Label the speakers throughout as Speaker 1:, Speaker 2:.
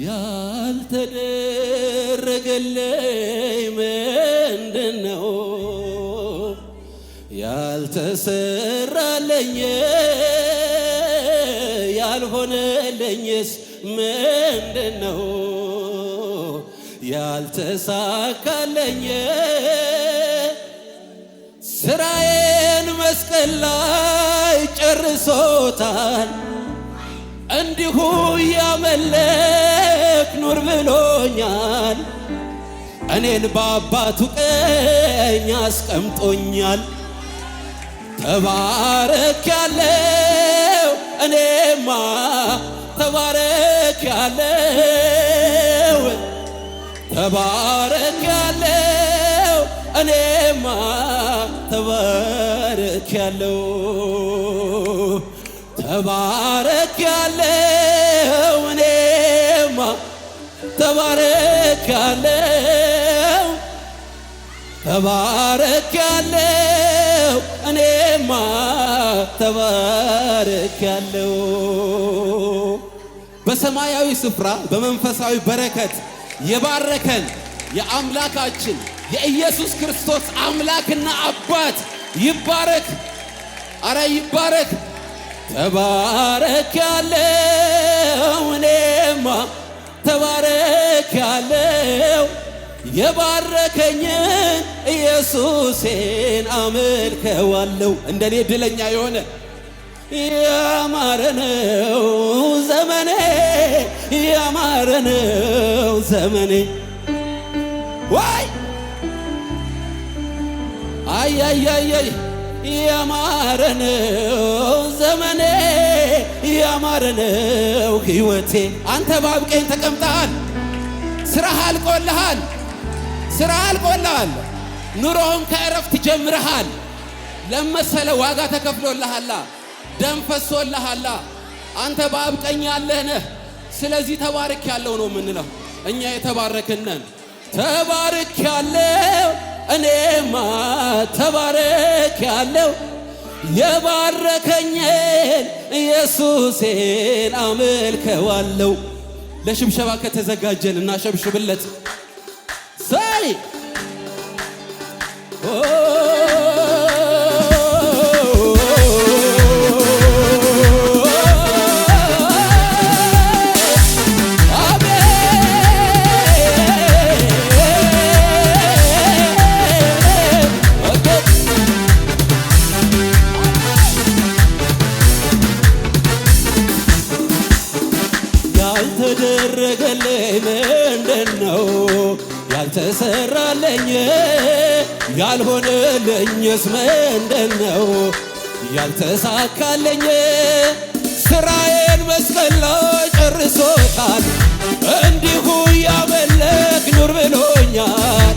Speaker 1: ያልተደረገልኝ ምንድን ነው? ያልተሰራለኝ ያልሆነለኝስ ምንድን ነው? ያልተሳካለኝ ስራዬን መስቀል ላይ ጨርሶታል እንዲሁ ያመለ በመልክ ኑር ብሎኛል። እኔን በአባቱ ቀኝ አስቀምጦኛል። ተባረክ ያለው እኔማ ተባረክ ያለው ተባረክ ያለው እኔማ ተባረክ ያለው ተባረክ ያለው ተባረካለው ተባረካለው እኔማ ተባረካለው
Speaker 2: በሰማያዊ ስፍራ በመንፈሳዊ በረከት የባረከን የአምላካችን የኢየሱስ ክርስቶስ አምላክና አባት ይባረክ። አረ ይባረክ።
Speaker 1: ተባረክ ያለው እኔማ ተባረ ያለው የባረከኝን ኢየሱሴን አመልከዋለሁ።
Speaker 2: እንደኔ ድለኛ የሆነ
Speaker 1: ያማረነው ዘመኔ ያማረነው ዘመኔ
Speaker 2: ዋይ አያያያይ
Speaker 1: ያማረነው ዘመኔ ያማረነው ሕይወቴ
Speaker 2: አንተ ባብቀኝ ተቀምጣል ስራህ አልቆልሃል። ስራህ አልቆልሃል። ኑሮውን ከእረፍት ጀምረሃል። ለመሰለ ዋጋ ተከፍሎልሃላ። ደም ፈሶልሃላ። አንተ በአብ ቀኝ ያለህ ነህ። ስለዚህ ተባርክ ያለው ነው የምንለው እኛ የተባረክነን።
Speaker 1: ተባርክ ያለው እኔማ ተባረክ ያለው የባረከኝን ኢየሱሴን አመልከዋለው።
Speaker 2: ለሽብሸባ ከተዘጋጀን እናሸብሽብለት ሳይ
Speaker 1: ተሰራለኝ ያልሆነልኝስ ምንድን ነው ያልተሳካለኝ? ስራዬን መስቀል ላይ ጨርሶታል። እንዲሁ ያመለክ ኑር ብሎኛል።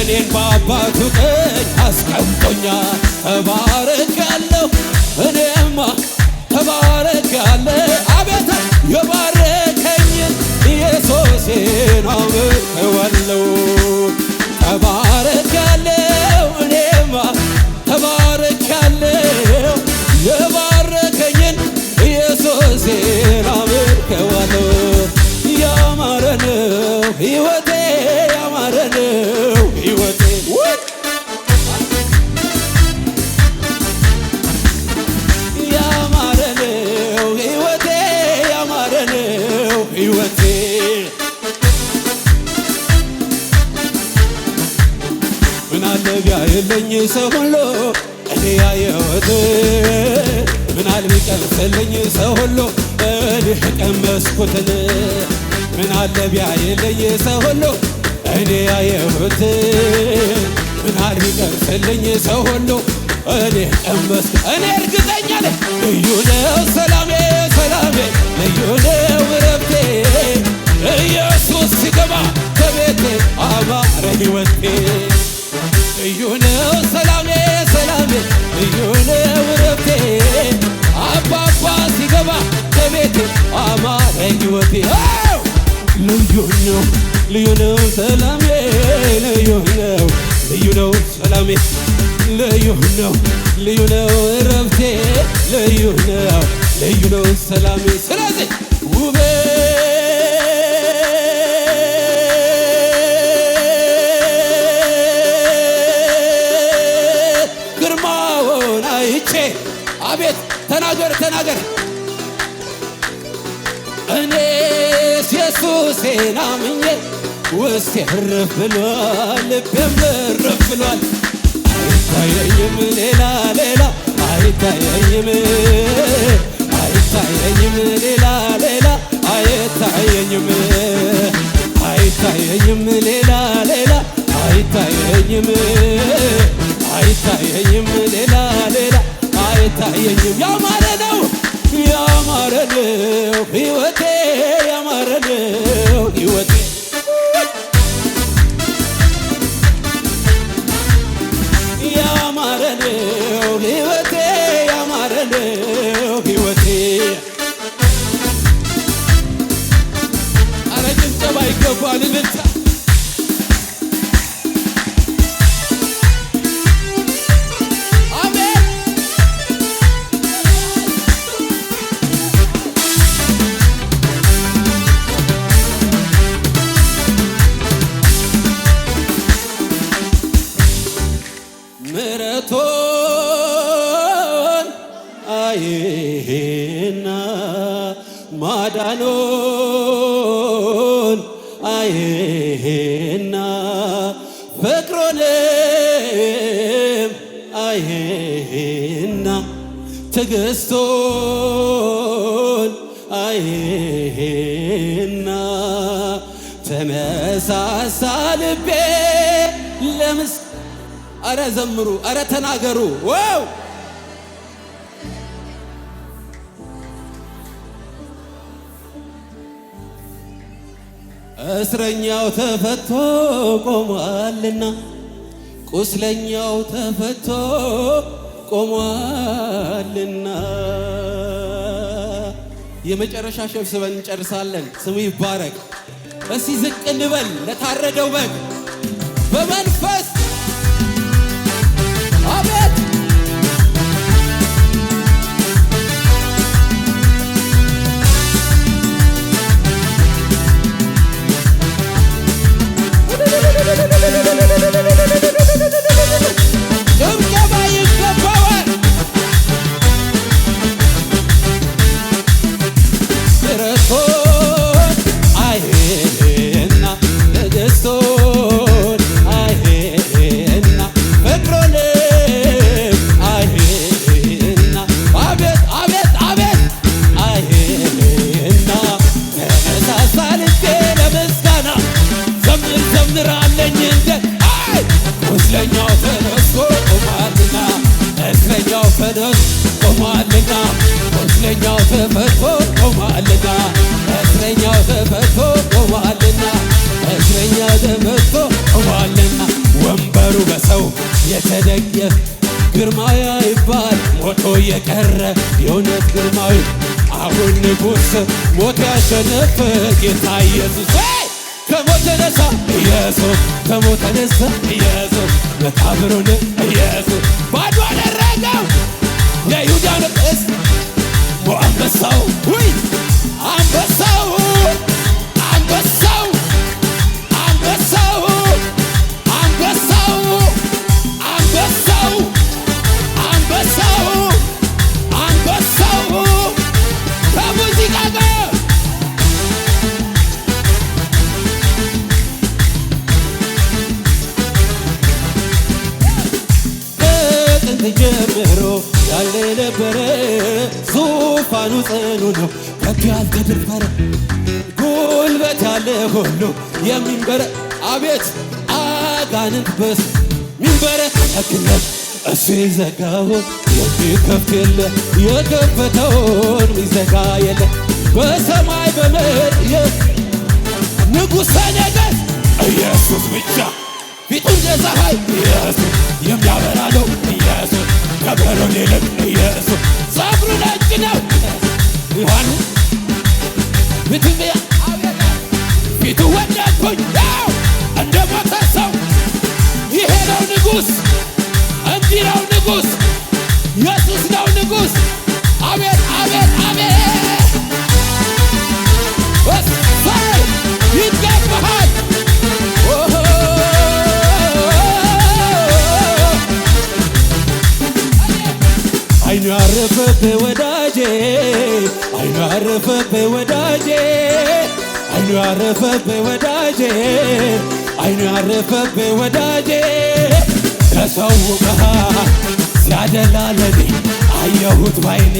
Speaker 1: እኔን በአባቱ ቀኝ አስቀምጦኛል። እሰዋለሁ ተባረካለው እኔማ ተባረካለው የባረከኝን ኢየሱስን አመልከዋለሁ ያማረነው ሕይወቴ ያማረነው ሕይወቴ ያማረነው ሕይወቴ ያማረነው ሕይወቴ ቢቀንስልኝ ሰው ሁሉ እኔ ያየሁት ምናል ቢቀንስልኝ ሰው ሁሉ እኔ ቀመስኩትን ምናለ ሰው ሁሉ እኔ ያየሁት ምናል ቢቀንስልኝ ሰው ሁሉ እኔ
Speaker 2: እኔ እርግጠኛ
Speaker 1: ልዩ ነው ሰላሜ ሰላሜ ልዩ ነው ረብቴ ኢየሱስ ሲገባ ከቤቴ አማረ ሕይወቴ እዩ ሰላሜ ሰላሜ እዩ ነው ረብቴ አባባ ሲገባ ከቤቴ አማረኝ ሕይወቴ ልዩ ነው ልዩ ነው ሰላሜ ልዩ ነው ልዩ ነው ሰላሜ ልዩ ነው ልዩ ነው ረብቴ ልዩ ነው ልዩ ነው ሰላሜ
Speaker 2: ስለዚህ ውቤ ተናገር
Speaker 1: እኔስ ኢየሱሴን አምኜ ውስጤ እርፍ ብሏል፣ ልቤም እርፍ ብሏል። አይታየኝም ሌላ ሌላ አይታየኝም አይታየኝም ሌላ ሌላ አይታየኝም አይታየኝም ሌላ ሌላ አይታየኝም አይታየኝም ሌላ ሌላ አይታየኝም ያማረ ነው ያማረ ነው ህይወቴ ያማረ ነው ህይወቴ ማዳኑን አይና ፍቅሩንም አይና ትግስቱን አይና ተመሳሳ ልቤ ለምስ
Speaker 2: አረ ዘምሩ አረ ተናገሩ ዋው
Speaker 1: እስረኛው ተፈቶ ቆሟልና ቁስለኛው ተፈቶ ቆሟልና
Speaker 2: የመጨረሻ ሸብስበን እንጨርሳለን። ስሙ ይባረክ። እስቲ ዝቅ እንበል ለታረደው በግ በመንፈስ
Speaker 1: የቀረ የእውነት ግርማዊ አሁን ንጉሥ ሞት ያሸነፈ ጌታ ኢየሱስ ከሞት ተነሳ ኢየሱስ ከሞት ተነሳ ኢየሱስ መቃብሩን ኢየሱስ ቁርባኑ ጽኑ ነው። ከፍ ያልተደፈረ ጉልበት ያለ ሁሉ የሚንበረ አቤት አጋንንት በስ ሚንበረ ሕግነት እሱ የዘጋውን የሚከፍት የለ የከፈተውን ሚዘጋ የለ በሰማይ በመድየ ንጉሠ ነገሥት ኢየሱስ ብቻ ፊቱ እንደ ፀሐይ ኢየሱስ የሚያበራ ነው። ከበሮን ይልቅ ኢየሱስ
Speaker 2: ጸጉሩ ነጭ ነው። ዮሐንስ ብትቢያ ፊቱ ወደኩኝ ው እንደ ሞተ ሰው ይሄ ነው ንጉሥ እንዲህ ነው ንጉሥ ኢየሱስ ነው ንጉሥ
Speaker 1: ያረፈብህ ወዳጄ አይኑ ያረፈብህ ወዳጄ አይኑ ያረፈብህ ወዳጄ ተሰውቀሃ ሲያደላ ለኔ አየሁት ባይኔ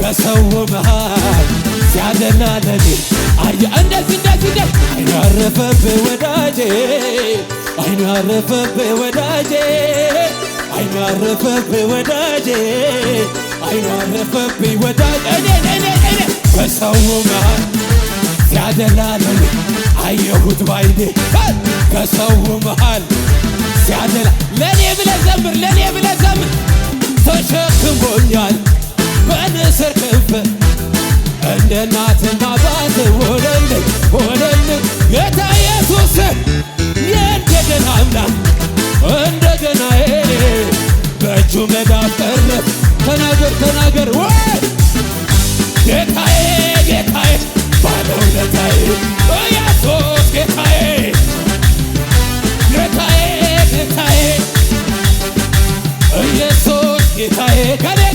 Speaker 1: በሰው መሃል ሲያደላ ለኔ
Speaker 2: አየ እንደዚህ እንደዚህ እንደ
Speaker 1: አይኑ ያረፈብህ ወዳጄ አይኑ ያረፈብህ ወዳጄ አይኑ ያረፈብህ ወዳጄ አይኑ ያረፈብህ ወዳጄ
Speaker 2: እኔ እኔ እኔ
Speaker 1: በሰው መሃል ሲያደላለል አየሁት ባይኔ በሰው መሃል ሲያደላ
Speaker 2: ለኔ ብለ ዘምር ለኔ ብለ ዘምር
Speaker 1: ተሸክሞኛል በንስር ክንፍ እንደ እናትና ባት ወለልኝ ወለልኝ ጌታ ኢየሱስ የእንደገና አምላክ እንደገና በእጁ መዳፍ ተናገር ተናገር ወይ ጌታዬ ጌታዬ ባለ ውለታዬ ኢየሱስ ጌታዬ ጌታዬ ጌታዬ ኢየሱስ ጌታዬ